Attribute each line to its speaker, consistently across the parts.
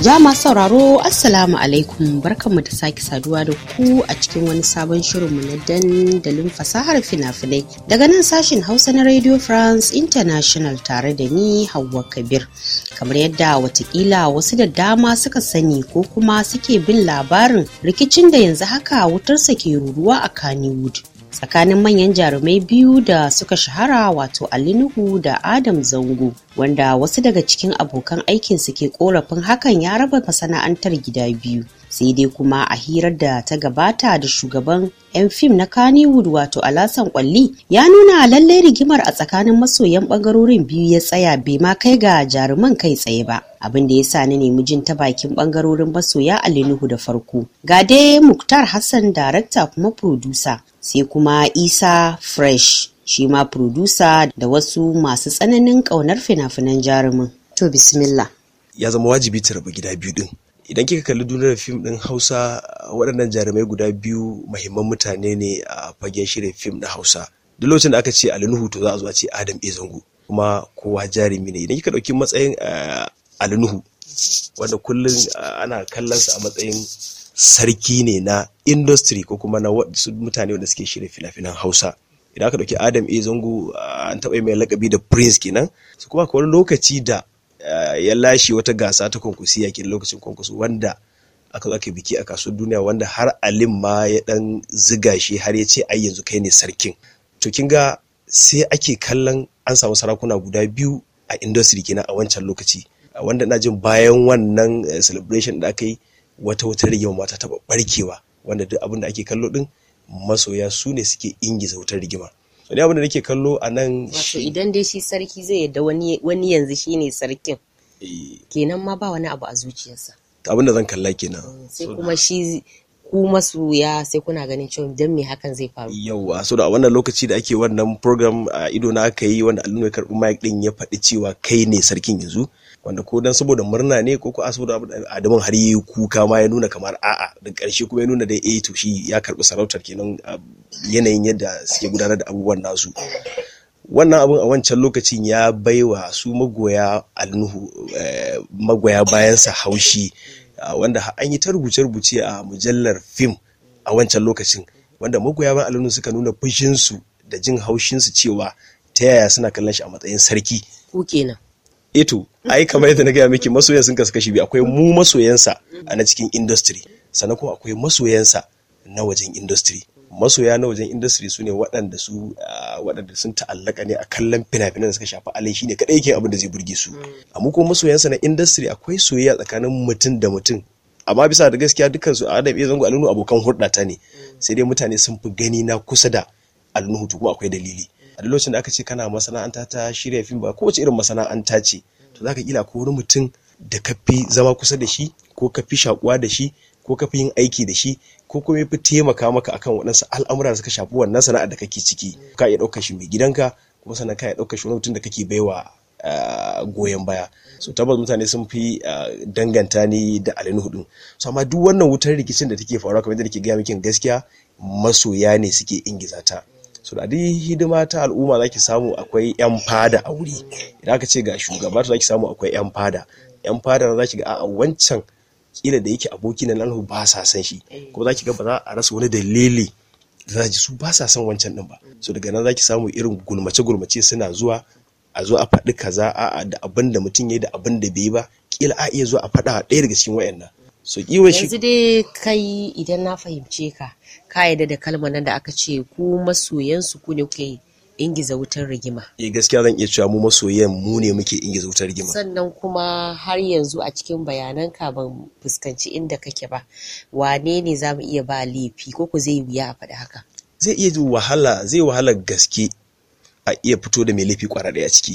Speaker 1: Jama sauraro Assalamu alaikum barkanmu da sake saduwa da ku a cikin wani sabon shirin mu na dandalin fasahar fina-finai daga nan sashin Hausa na Radio France International tare da ni Hauwa Kabir. Kamar yadda watakila wasu da dama suka sani ko kuma suke bin labarin rikicin da yanzu haka wutarsa ke ruruwa a Kannywood tsakanin manyan jarumai biyu da suka shahara wato Nuhu da Adam Zango wanda wasu daga cikin abokan aikinsu ke korafin hakan ya raba masana'antar gida biyu. sai dai kuma a hirar da ta gabata da shugaban 'yan fim na Kannywood wato Alasan Kwalli ya nuna lalle rigimar a tsakanin masoyan bangarorin biyu ya tsaya bai ma kai ga jaruman kai tsaye ba. Abin da ya sa ni ne jin ta bakin bangarorin masoya Alinuhu da farko. Ga dai Muktar Hassan darakta kuma producer sai kuma Isa Fresh shi ma producer da wasu masu tsananin ƙaunar fina-finan jarumin. To bismillah.
Speaker 2: Ya zama wajibi ta rabu gida biyu din. idan kika kalli duniyar fim ɗin hausa waɗannan jarumai guda biyu mahimman mutane ne a fagen shirin fim na hausa duk lokacin da aka ce Nuhu to za a zo a ce adam ezangu kuma kowa jarumi ne idan kika ɗauki matsayin eh, Nuhu, wanda kullum eh, ana kallon sa a matsayin sarki ne na industry ko kuma na wasu mutane wanda suke shirin fina-finan hausa idan aka ɗauki adam ezangu eh, an taɓa yi mai lakabi da prince kenan su kuma akwai wani lokaci da Eh, ya lashe wata gasa ta kwankwasi yakin lokacin kwankwaso wanda aka zo aka biki a kasuwar duniya wanda har alim ma ya dan ziga shi har ya ce ai yanzu kai ne sarkin to kin ga sai ake kallon an samu sarakuna guda biyu a industry kenan a wancan lokaci wanda na jin bayan wannan eh, celebration da aka yi wata wata rigima mata taba barkewa wanda duk abin da ake kallo din masoya su ne suke ingiza wutar rigimar Wani abu abin da nake kallo a nan wato
Speaker 1: idan dai shi sarki zai yadda wani yanzu shi ne sarkin eh. kenan ma ba wani abu a zuciyarsa abin da zan kalla kenan mm, sai kuma shi ku ya sai kuna ganin cewa dan me hakan zai faru yauwa
Speaker 2: so da wannan lokaci da ake wannan program a ido na aka yi wanda alumni karbi mic din ya faɗi cewa kai ne sarkin yanzu wanda ko dan saboda murna ne ko ko saboda adamun har yi kuka ma ya nuna kamar a'a da ƙarshe kuma ya nuna dai eh to shi ya karbi sarautar kenan yanayin yadda suke gudanar da abubuwan nasu wannan abun a wancan lokacin ya baiwa su magoya alnuhu eh, magoya bayansa haushi wanda an yi ta rubuce-rubuce a mujallar fim a wancan lokacin wanda magoya ban alunu suka nuna fushinsu da jin haushinsu cewa ta yaya suna kallon shi a matsayin sarki ku kenan eto eh ai kamar yadda na gaya miki masoyan sun kasu kashi biyu akwai mu masoyansa a na cikin industry sannan kuma akwai masoyansa na wajen industry masoya na wajen industry su ne waɗanda su ah, waɗanda sun ta'allaka ne a kallon fina-finan da suka shafi alai shine kaɗai yake abin da zai burge su mm. amma kuma masoyansa na industry akwai soyayya tsakanin mutum da mutum amma bisa da gaskiya dukkan su da ya zango alunu abokan hurɗa ta ne mm. sai dai mutane sun fi gani na kusa da alunu to kuma akwai dalili mm. a lokacin da aka ce kana masana'anta ta shirya fim ba kowace irin masana'anta ce to zaka kila ko wani mutum da ka fi zama kusa da shi ko ka fi shakuwa da shi ko ka fi yin aiki da shi ko kuma ya fi taimaka maka akan waɗansu al'amura da suka shafi wannan sana'ar da kake ciki ka iya ɗaukar shi mai gidanka kuma sannan ka iya ɗaukar shi wani mutum da kake baiwa ah, goyon baya so tabbas mutane sun fi ah, danganta ni da alinu hudu so amma duk wannan wutar rikicin da take faruwa kamar yadda nake gaya miki gaskiya masoya ne suke ingiza ta so da dai hidima ta al'umma zaki samu akwai yan fada a wuri idan aka ce ga shugaba to zaki samu akwai yan fada yan fada za ki ga a wancan kila da yake aboki na lalhu ba sa san shi eh. kuma zaki ga ba za a rasa wani dalili za ji su ba sa san wancan din ba mm. so daga nan zaki samu irin gulmace gulmace suna zuwa a zo a faɗi kaza a'a da abin da mutum ya da abin da bai ba kila a iya zuwa a faɗa ɗaya daga cikin wayannan so kiwon shi yanzu
Speaker 1: dai kai idan na fahimce ka ka yadda da kalmar nan da aka ce ku masoyansu ku ne kuke ingiza wutar rigima
Speaker 2: e gaskiya zan iya cewa mu masoyan mu ne muke ingiza wutar rigima
Speaker 1: sannan kuma har yanzu a cikin bayanan ka ban fuskanci inda kake ba wane ne za mu iya ba laifi ko ku zai wuya a faɗi haka
Speaker 2: zai iya wahala zai wahala gaske a iya fito da mai laifi kwara ɗaya ciki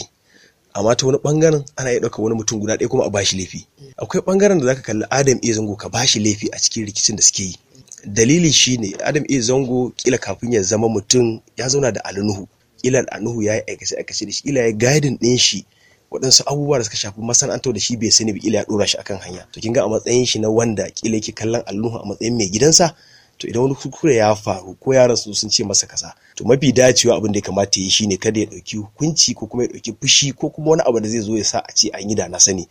Speaker 2: amma ta wani bangaren ana iya ɗauka wani mutum guda ɗaya kuma a bashi laifi akwai bangaren da zaka kalli adam e zango ka bashi laifi a cikin rikicin da suke yi dalili shine adam e zango kila kafin ya zama mutum ya zauna da alinuhu kila anuhu ya yi aikace aikace da shi kila ya gadin din shi waɗansu abubuwa da suka shafi masana'antar da shi bai sani ba kila ya dora shi akan hanya to kin ga a matsayin shi na wanda kila yake kallon alnuhu a matsayin mai gidansa to idan wani kuskure ya faru ko yaran su sun ce masa kaza to mafi dacewa abin da ya kamata ya yi shine kada ya dauki hukunci ko kuma ya dauki fushi ko kuma wani abu da zai zo ya sa a ce an yi da na sani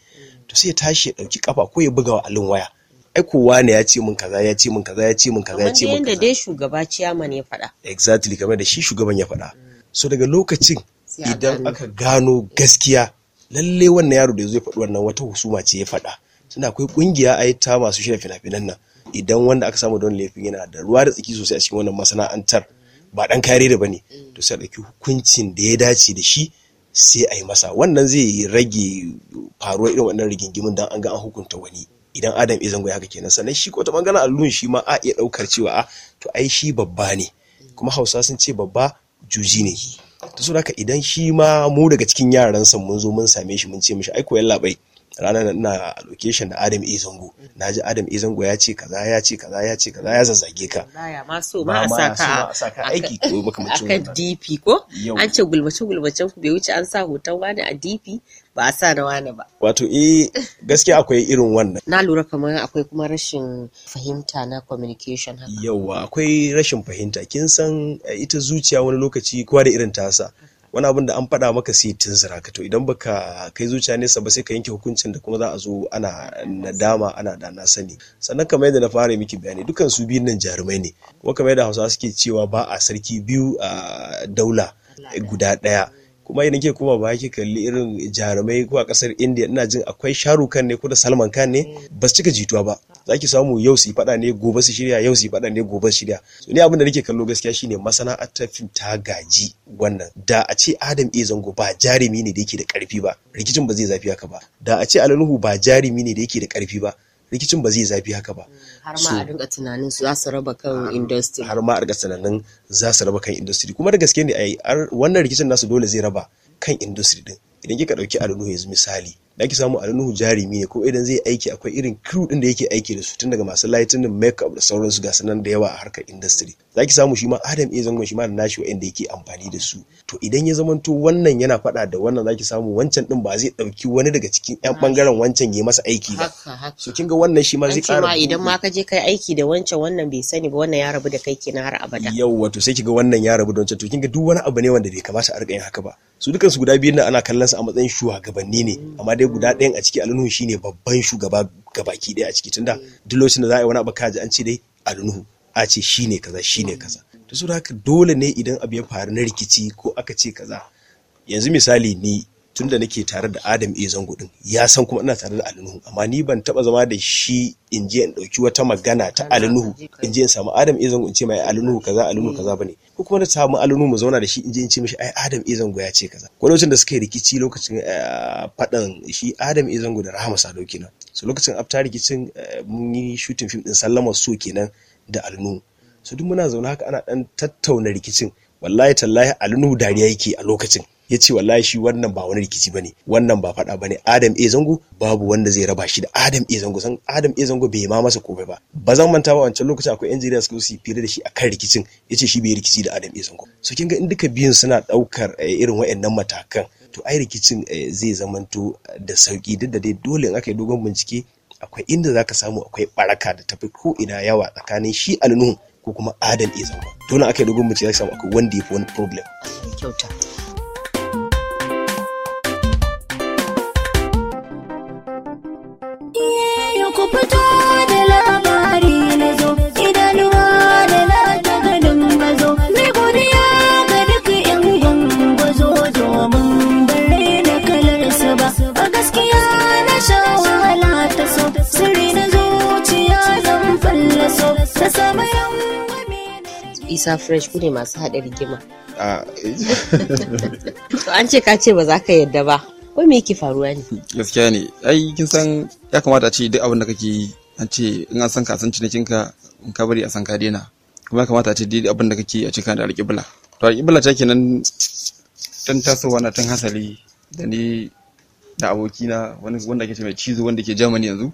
Speaker 2: to sai ya tashi ya dauki kafa ko ya buga wa alin waya ai kowa ne ya ce min kaza ya ce min kaza ya ce min kaza ya ce mun kaza kamar
Speaker 1: yadda dai shugaba ciyaman ya faɗa
Speaker 2: exactly kamar da shi shugaban ya faɗa so daga lokacin idan aka gano gaskiya lalle wannan yaro da ya zo ya faɗi wannan wata husuma ce ya faɗa tunda akwai kungiya a ta masu shirya fina-finan nan idan wanda aka samu don laifin yana da ruwa da tsaki sosai a cikin wannan masana'antar ba dan kare da bane to sai ɗauki hukuncin da ya dace da shi sai a yi masa wannan zai rage faruwar irin wannan rigingimin dan an ga an hukunta wani idan adam ya zango haka kenan sannan shi ko ta bangaren allun shi ma a iya ɗaukar cewa a ah, to ai shi babba ne kuma hausa sun ce babba juji ne ta so haka idan shi ma mu daga cikin yaran yaransa mun zo mun same shi mun ce mishi aiko yalla bai ranar na location da Adam E Zango na ji Adam E ya ce kaza ya ce kaza ya ce kaza ya zazzage ka
Speaker 1: ma so ma a saka aiki ko makamancin wannan DP ko an ce gulmace gulmacen ku bai wuce an sa hoton wani a DP ba a sa na wani ba.
Speaker 2: Wato eh gaskiya akwai irin wannan.
Speaker 1: Na lura kamar akwai kuma rashin fahimta na communication haka.
Speaker 2: Yawwa akwai rashin fahimta kin san eh, ita zuciya wani lokaci kowa da irin tasa. wani abin da an faɗa maka sai zira ka to idan baka kai zuciya nesa ba sai ka yanke hukuncin da kuma za a zo ana nadama ana da na sani sannan kamar yadda na fara miki bayani dukkan su biyun nan jarumai ne kuma kamar yadda hausawa suke cewa ba a sarki biyu a daula guda ɗaya kuma idan ke koma ba ki kalli irin jarumai ko a kasar india ina jin akwai sharu kan ne ko da salman kan ne ba su cika jituwa ba za ki samu yau su yi faɗa ne gobe su shirya yau su yi faɗa ne gobe su shirya so ne abin da nake kallo gaskiya shine masana'antar fim ta gaji wannan da a ce adam e zango ba jarumi ne da yake da karfi ba rikicin ba zai zafi haka ba da a ce alaluhu ba jarumi ne da yake da karfi ba rikicin ba zai zafi haka ba
Speaker 1: har ma a dinga tunanin za su raba
Speaker 2: kan industry kuma da gaske ne ai wannan rikicin nasu dole zai raba kan industry din idan kika ɗauki Adamu yanzu misali da ake samu a nuhu jarumi ne ko idan zai aiki akwai irin crew din da yake aiki da su tun daga masu lighting din makeup da sauransu ga sanan da yawa a harkar industry za ki samu shi ma adam ya zama shi ma da nashi wa'anda yake amfani da su to idan ya to wannan yana faɗa da wannan za ki samu wancan din ba zai ɗauki wani daga cikin yan bangaren wancan ya masa aiki ba so kin ga wannan shi ma zai ƙara idan ma
Speaker 1: ka je kai aiki da wancan wannan bai sani ba wannan ya rabu da kai kenan har abada
Speaker 2: yawwa to sai ki ga wannan ya rabu da wancan to kin ga duk wani abu ne wanda bai kamata a rika yin haka ba su dukansu guda biyun nan ana kallon su a matsayin shugabanni ne amma dai dai guda ɗayan a ciki alnuhu shine babban shugaba gabaki ɗaya a ciki tunda duk lokacin da za a yi wani abu kaji an ce dai alunuhu a ce shine kaza shine kaza to saboda haka dole ne idan abu ya faru na rikici ko aka ce kaza yanzu misali ni tunda nake tare da Adam E Zango din ya san kuma ina tare da Alinuhu amma ni ban taba zama da shi in je in dauki wata magana ta Alinuhu in je in samu Adam E Zango in ce mai Alinuhu kaza Alinuhu kaza bane ko kuma na samu Alinuhu mu zauna da shi in je in ce mishi ai Adam E Zango ya ce kaza ko lokacin da suka yi rikici lokacin eh, fadan shi Adam E Zango da Rahama Sadau kenan so lokacin afta rikicin eh, mun yi shooting film din Sallama So kenan da Alinuhu so duk muna zaune haka ana dan tattauna rikicin wallahi tallahi Alinuhu dariya yake a lokacin ya ce wallahi shi wannan ba wani rikici bane wannan ba fada bane Adam A Zango babu wanda zai raba shi da Adam A Zango san Adam A Zango bai ma masa komai ba ba zan manta ba wancan lokacin akwai engineer suka su fira da shi akan rikicin yace shi bai rikici da Adam A Zango so kin ga in duka biyun suna daukar eh, irin wayannan matakan to ai rikicin eh, zai zamanto da sauki duk da dai dole in aka yi dogon bincike akwai inda zaka samu akwai baraka da tafi ko ina yawa tsakanin shi alnu ko kuma adam e zango dole aka yi dogon bincike zaka samu akwai wanda ya fi wani problem
Speaker 1: isa fresh ku ne masu haɗa rigima to an ce ka ce ba za ka yadda ba ko me yake faruwa ne
Speaker 3: gaskiya ne ai kin san ya kamata a ce duk abin da kake yi an ce in an san ka san cinikin ka in ka bari a san ka dena kuma ya kamata a ce duk abin da kake a cikin da alƙibla to alƙibla ta kenan tun tasowa na tun hasali da ni da abokina wanda ke ce mai cizo wanda ke germany yanzu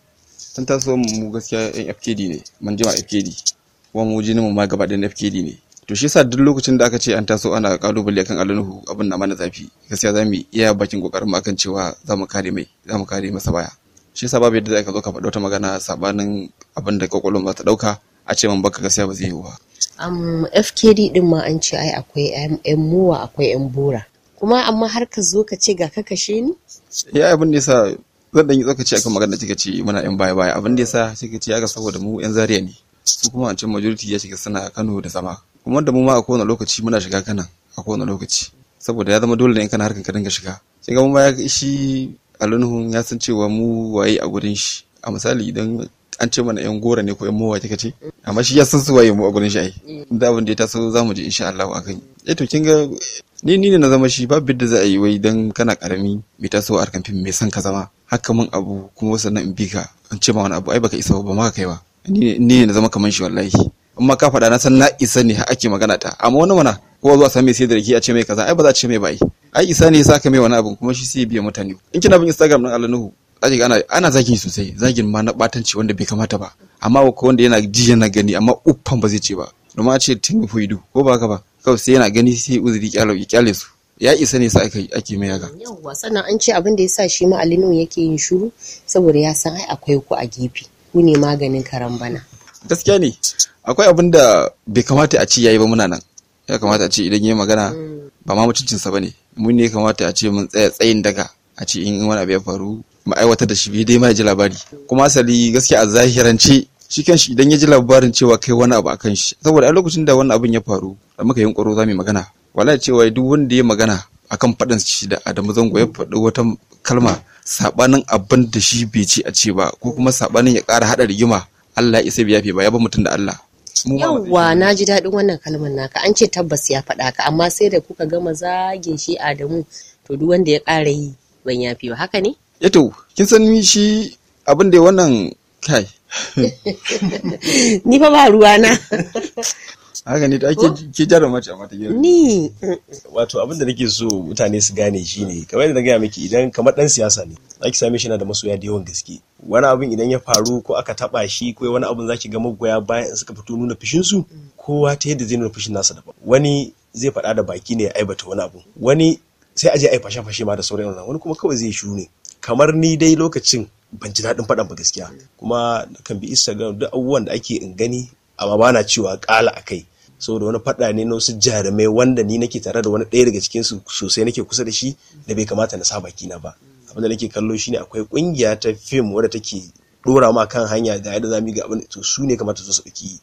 Speaker 3: tun tasowa mu gaskiya yan fkd ne mun jima fkd wa mu jinin mu ma gaba ɗayan FKD ne to shi yasa duk lokacin da aka ce an taso ana kalubale akan Nuhu abin na mana zafi gaskiya zamu iya bakin kokarin mu akan cewa zamu kare mai zamu kare masa baya shi yasa babu yadda ka zo ka faɗi wata magana sabanin abin da kokolon za ta ɗauka a ce man baka gaskiya ba zai yi ba
Speaker 1: um, FKD din ma an ce ai akwai yan muwa akwai yan bora kuma amma har ka zo ka ce ga ka kashe ni
Speaker 3: ya abin da yasa zan dan yi tsokaci akan magana da kika ce muna yan baya baya abin da yasa kika ce ga saboda mu yan zariya ne su kuma wancan majority ya shiga a Kano da zama kuma da mu ma a kowane lokaci muna shiga Kano a kowane lokaci saboda ya zama dole ne in kana harkar ka dinga shiga sai ga mu ma shi alunhun ya san cewa mu waye a gurin shi a misali idan an ce mana yan gora ne ko yan mowa kika ce amma shi ya san su waye mu a gurin shi ai da abin da ya taso mu je insha Allah kai. eh to kin ga ni ni ne na zama shi babu bidda za a yi wai dan kana karami mai taso a harkar fim mai san ka zama haka mun abu kuma sannan in bi ka an ce ma wani abu ai baka isa ba ma ka kai ba ni ne na zama kamar shi wallahi amma ka faɗa na san na isa ne ake magana ta amma wani mana kowa zuwa san mai sai da rake a ce mai kaza ai ba za a ce mai ba ai isa ne sa ka mai wani abin kuma shi sai biya mutane in kina bin instagram nan alanuhu zaki ana ana zagin sosai zagin ma na batanci wanda bai kamata ba amma ko wanda yana ji yana gani amma uffan ba zai ce ba domin a ce tin fuidu ko ba ka ba kawai sai yana gani sai uzuri kyalo ya kyale su ya isa ne sa ake mai yaga yawwa
Speaker 1: sannan an ce abin da sa shi ma alinu yake yin shiru saboda ya san ai akwai ku a gefe ku ne maganin karambana.
Speaker 3: gaskiya ne akwai abin da bai kamata a ci yayi ba muna nan ya kamata a ce idan yayi magana mm. ba ma mutuncinsa ba ne mun ne kamata a ce mun tsaya tsayin daga a ce in wani abu ya faru mu aiwatar da shi bai dai ma ya ji labari kuma asali gaskiya a zahirance shi kanshi idan ya ji labarin cewa kai wani abu akan kan shi saboda a lokacin da wani abin ya faru da muka yi kwaro za mu magana wala cewa duk wanda ya magana akan faɗin shi da Adamu Zango ya faɗi wata kalma sabanin abin da shi bai ci a ce ba ko kuma sabanin ya ƙara haɗa rigima Allah ya sai bai yafe ba ya ba mutum da Allah
Speaker 1: yawwa na ji daɗin wannan kalmar naka an ce tabbas ya faɗa ka amma sai da kuka gama zagin shi Adamu to duk wanda ya ƙara yi ban yafe ba haka ne
Speaker 3: yato eh kin san shi abin da wannan kai
Speaker 1: ni fa ba ruwa na
Speaker 3: haka ne da
Speaker 2: ke jarumar ce a ta girma ni wato abin da nake so mutane su gane shi ne kamar yadda na gaya miki idan kamar dan siyasa ne zaki same shi na da masoya da yawan gaske wani abin idan ya faru ko aka taba shi ko wani abin zaki ga magoya bayan suka fito nuna fushin su kowa ta yadda zai nuna fushin nasa daban wani zai faɗa da baki ne ya aibata wani abu wani sai aje yi fashe fashe ma da sauran wannan wani kuma kawai zai shiru ne kamar ni dai lokacin ban ji daɗin faɗan ba gaskiya kuma kan bi instagram duk abubuwan da ake in gani amma ba na cewa kala a kai saboda wani faɗa ne na wasu jarumai wanda ni nake tare da wani ɗaya daga cikin su sosai nake kusa da shi da bai kamata na sa baki na ba abinda nake kallo shine akwai kungiya ta fim wadda take dora ma kan hanya da yadda zamu ga abin to su ne kamata su sauki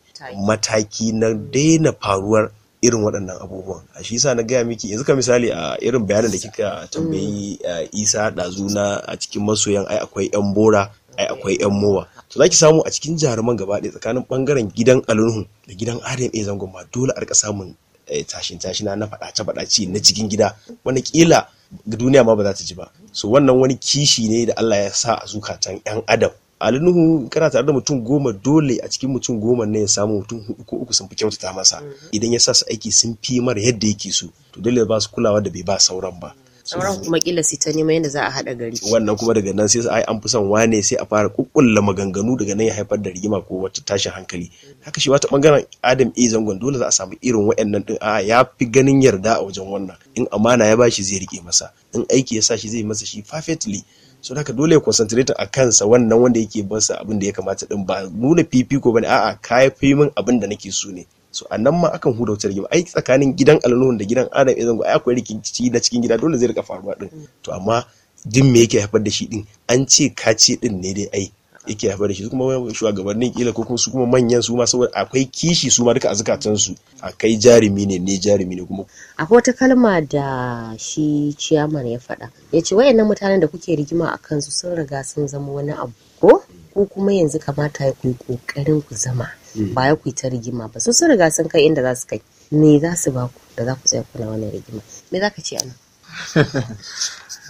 Speaker 2: mataki na daina faruwar irin waɗannan abubuwan a shi yasa na gaya miki yanzu ka misali a irin bayanin da kika tambayi eh, isa ɗazu na a cikin masoyan ai akwai yan bora ai akwai yan mowa to zaki samu a cikin jaruman gaba ɗaya tsakanin bangaren gidan alunhu da gidan adam a zangon ma dole a rika samun eh, tashin tashina na faɗace faɗace na cikin gida wani kila duniya ma ba za ta ji ba so wannan wani kishi ne da Allah ya sa a zukatan yan adam alunhu kana tare da mutum goma dole a cikin mutum goma ne ya samu mutum hudu ko uku sun fi kyautata masa mm-hmm. idan ya sa su aiki sun fi mara yadda yake so to dole ba su kulawa da bai ba sauran ba
Speaker 1: sauran kuma kila sai ta neman yadda za a haɗa gari
Speaker 2: wannan kuma daga nan sai ai an fi son wane sai a fara kukkulla maganganu daga nan ya haifar da rigima ko wata tashin hankali haka shi wata bangaren adam e zangon dole za a samu irin wa'annan din a ya fi ganin yarda a wajen wannan in amana ya bashi zai rike masa in aiki ya sa shi zai masa shi perfectly so haka dole ya concentrate a kansa wannan wanda yake basa abin da ya kamata din ba nuna fifiko bane a'a kai fi min abin da nake so ne so a nan ma akan huda wutar rigima ai tsakanin gidan alnuhun da gidan adam izango ai akwai rikici na cikin gida dole zai rika faruwa din mm. to amma din me yake haifar da shi din an ce kace din ne dai ai yake haifar da shi kuma shugabannin kila ko kuma su kuma manyan su ma saboda akwai kishi su ma duka a zukatan su a kai jarumi ne ne jarumi ne kuma
Speaker 1: akwai wata kalma da shi ciyaman ya faɗa ya ce wayannan mutanen da kuke rigima a kansu sun riga sun zama wani abu ko ko kuma yanzu kamata ya ku kokarin ku zama Mm. ba ya ku ta rigima ba sun sun riga sun kai inda za su kai me za su ba ku da za ku tsaya kuna wannan rigima me za ka ce ana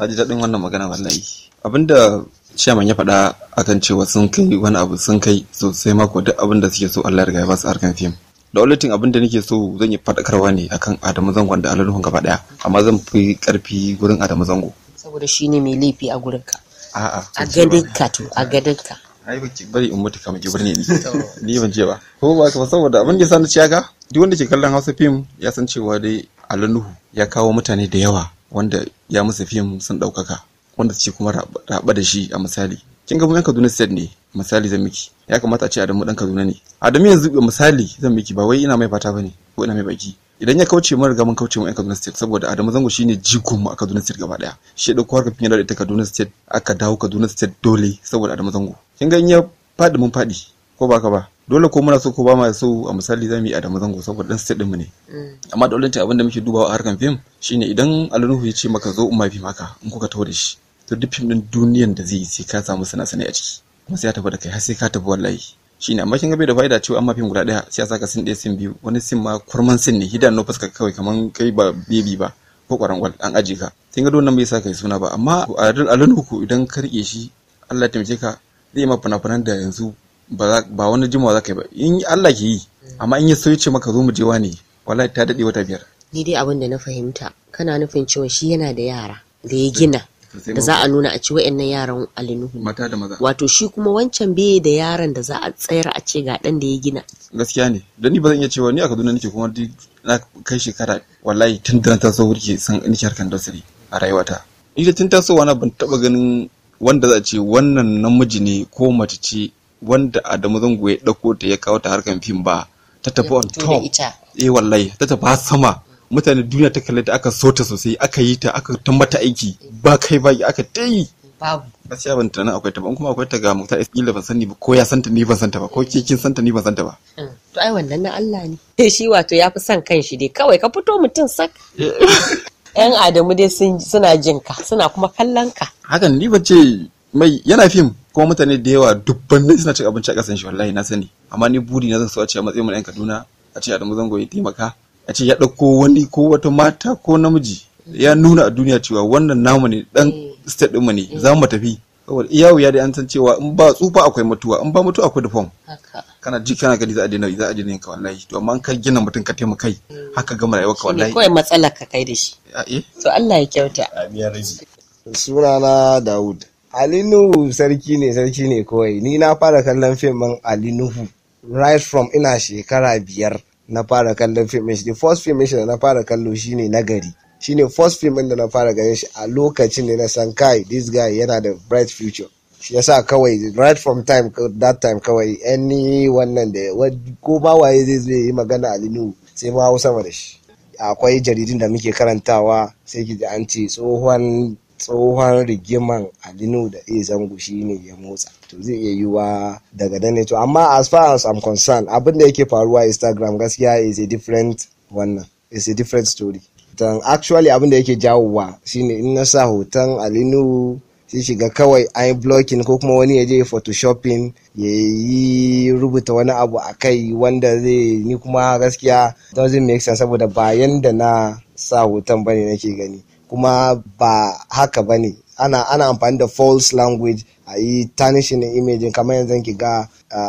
Speaker 3: ji daɗin wannan magana wallahi abinda ciyaman ya faɗa akan cewa sun kai wani abu sun kai sosai mako duk abin da suke so Allah ya riga ya ba su harkan fim da aulitin abin da nake so zan yi faɗakarwa ne akan Adamu Zangon da Alaluhun gaba ɗaya amma zan fi ƙarfi gurin Adamu Zango
Speaker 1: saboda shine mai laifi a gurin ka
Speaker 3: a'a a gadinka
Speaker 1: to a gadinka
Speaker 3: ai baki bari in mutu kamar kibir ne ni ni ban ce ba ko ba ka saboda abin da yasa na ce duk wanda ke kallon Hausa film ya san cewa dai Alanuhu ya kawo mutane da yawa wanda ya musu film sun daukaka wanda ce kuma raba da shi a misali kin ga mun yan Kaduna state ne misali zan miki ya kamata a ce Adamu dan Kaduna ne Adamu yanzu misali zan miki ba wai ina mai fata bane ko ina mai baki idan ya kauce mun riga mun kauce mun Kaduna State saboda Adamu Zango shine jigon mu a Kaduna State gaba daya shi da kwarka fiye da ita Kaduna State aka dawo Kaduna State dole saboda Adamu Zango kin gan ya faɗi mun faɗi ko ba ka ba dole ko muna so ko ba ma so a misali zamu yi Adamu Zango saboda dan state mu ne mm. amma da abin da muke dubawa a harkan fim shine idan Alinuhu ya ce maka zo umma fim maka in kuka tawo da shi to duk fim din duniyan da zai yi sai ka samu sana sanai a ciki kuma sai ya tafi da kai har sai ka tafi wallahi shine amma kin ga bai da fa'ida cewa amma fim guda daya sai ya saka sin ɗaya sin biyu wani sin ma kurman sin ne hidan no fuska kawai kaman kai ba baby ba ko kwarangwal an aje ka kin ga don nan bai saka suna ba amma a Alinuhu idan ka rike shi Allah ya taimake ka zai ma fina-finan da yanzu ba wani jimawa za ka yi ba in Allah ke yi amma in ya so ya ce maka zo mu je wani wallahi ta dade wata biyar
Speaker 1: ni dai abin da na fahimta kana nufin cewa shi yana da yara da ya gina da za a nuna a ci wa'annan yaran alinuhu mata da maza wato shi kuma wancan bai da yaran da za a tsayar a ce ga dan da ya gina
Speaker 3: gaskiya ne don ni ba zan iya cewa ni a Kaduna nake kuma na kai shekara wallahi tun da na taso wurke san nake harkan dausari a rayuwata ni da tun tasowa na ban taba ganin wanda za a ce wannan namiji ne ko mace ce wanda Adamu Zango ya dauko ta ya kawo ta harkan fim ba ta tafi on top eh wallahi ta tafi sama mutane duniya ta kalle ta aka so ta sosai aka yi ta aka ta mata aiki ba kai ba aka ta yi babu gaskiya ban tunanin akwai ta ba kuma akwai ta ga mutar da ban sani ba ko ya santa ni ban santa ba ko ke kin santa ni ban santa ba mm.
Speaker 1: to ai wannan na Allah ne eh, shi wato ya fi son kan shi dai kawai ka fito mutum sak eh, eh. 'yan adamu dai suna jin ka suna kuma kallon ka
Speaker 3: hakan ni ba ce mai yana fim kuma mutane da yawa dubban ne suna cin abinci a kasan shi wallahi na sani amma ni buri na zan so a ce a matsayin mu 'yan kaduna a ce adamu zango ya taimaka a ce ya ɗauko wani ko wata mata ko namiji ya nuna a duniya cewa wannan namu ne dan eh. state ɗinmu ne za mu tafi saboda iya wuya da an san cewa in ba tsufa akwai mutuwa in ba mutuwa akwai dufon kana ji kana gani za a daina za a ka wallahi to amma ka gina mutum ka taimaka kai mm. haka gama rayuwa ka wallahi kawai
Speaker 1: matsala ka kai da shi eh? to Allah ya kyauta
Speaker 4: suna na Dawud Alinuhu sarki ne sarki ne kawai ni na fara kallon fim Alinuhu right from ina shekara biyar na fara kallon fim shi the first fim shi da na fara kallo shine nagari shine first film da na fara ganin shi a lokacin ne na san kai this guy yana da bright future shi yasa kawai right from time that time kawai any wannan da ko ba waye zai zai yi magana alinu sai ma hausa sama da shi akwai jaridun da muke karantawa sai ki ji an ce tsohon tsohon rigiman alinu da e zango shi ne ya motsa to zai iya yiwa daga nan ne to amma as far as i'm concerned abin da yake faruwa instagram gaskiya is a different wannan is a different story hoton actually abin da yake jawowa shine in na sa hoton alinu sai shiga kawai an yi blocking ko kuma wani ya je photoshopping ya yi rubuta wani abu a kai wanda zai ni kuma gaskiya doesn't make sense saboda bayan da na sa hoton bane nake gani kuma ba haka bane ana ana amfani da false language a yi tanishin imejin kamar yanzu ki ga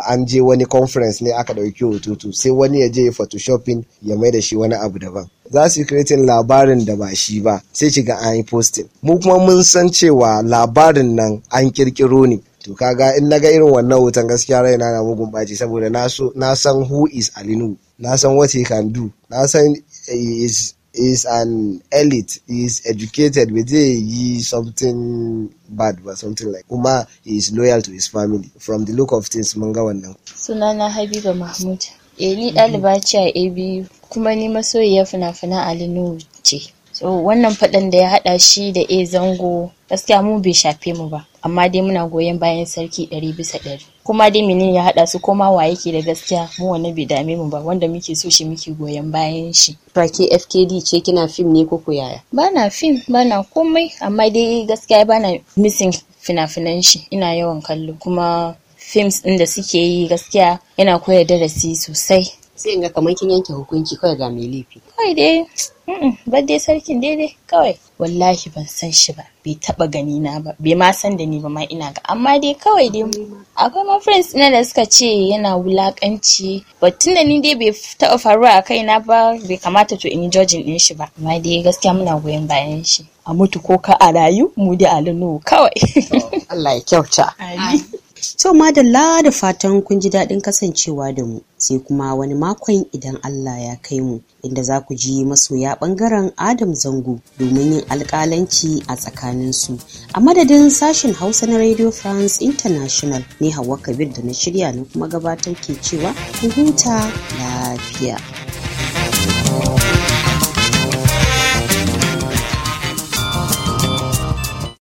Speaker 4: an je wani conference ne aka ɗauki hututu sai wani ya je ya photoshopping ya mai da shi wani abu daban za su yi labarin da ba shi ba sai shiga an yi posting mu kuma mun san cewa labarin nan an kirkiro ne to kaga in na ga irin wannan hoton gaskiya raina na mugun ɓaci saboda na san who is alinu na san what he can do na san eh, is is an elite he is educated bai zai he something bad but something like kuma is loyal to his family from the look of things one now. wannan
Speaker 5: sunana habiba mahmud eh ni mhm. ɗaliba ce a abu kuma ni masoyiyar fina-finan alinu ce so wannan faɗan da ya haɗa shi da a zango gaskiya mu bai shafe mu ba amma dai muna goyon bayan sarki ɗari bisa ɗari kuma dai menene ya haɗa su koma wa yake da gaskiya mu wannan bai dame mu ba wanda muke so shi muke goyon bayan shi
Speaker 1: ba ke FKD ce kina fim ne ko yaya
Speaker 5: bana fim bana komai amma dai gaskiya bana missing fina-finan shi ina yawan kallo kuma films ɗin da suke yi gaskiya yana koyar darasi sosai
Speaker 1: sai in ga kamar kin yanke hukunci kawai ga mai laifi
Speaker 5: kawai dai bar dai sarkin daidai kawai wallahi ban san shi ba bai taba gani na ba bai ma san da ni ba ma ina ga amma dai kawai dai akwai ma friends ina da suka ce yana wulakanci tun da ni dai bai taba faruwa a kai na ba bai kamata to in jojin din shi ba amma dai gaskiya muna goyon bayan shi a mutu ko ka a rayu mu
Speaker 1: dai a kawai Allah ya kyauta Sau madalla da fatan kun ji daɗin kasancewa da mu sai kuma wani makon idan Allah ya kai mu inda za ku ji masoya ɓangaren Adam Zango domin yin alƙalanci a tsakaninsu. A madadin sashen Hausa na Radio France International ne Hawa Kabir da na shirya na kuma gabatar ke cewa huta lafiya.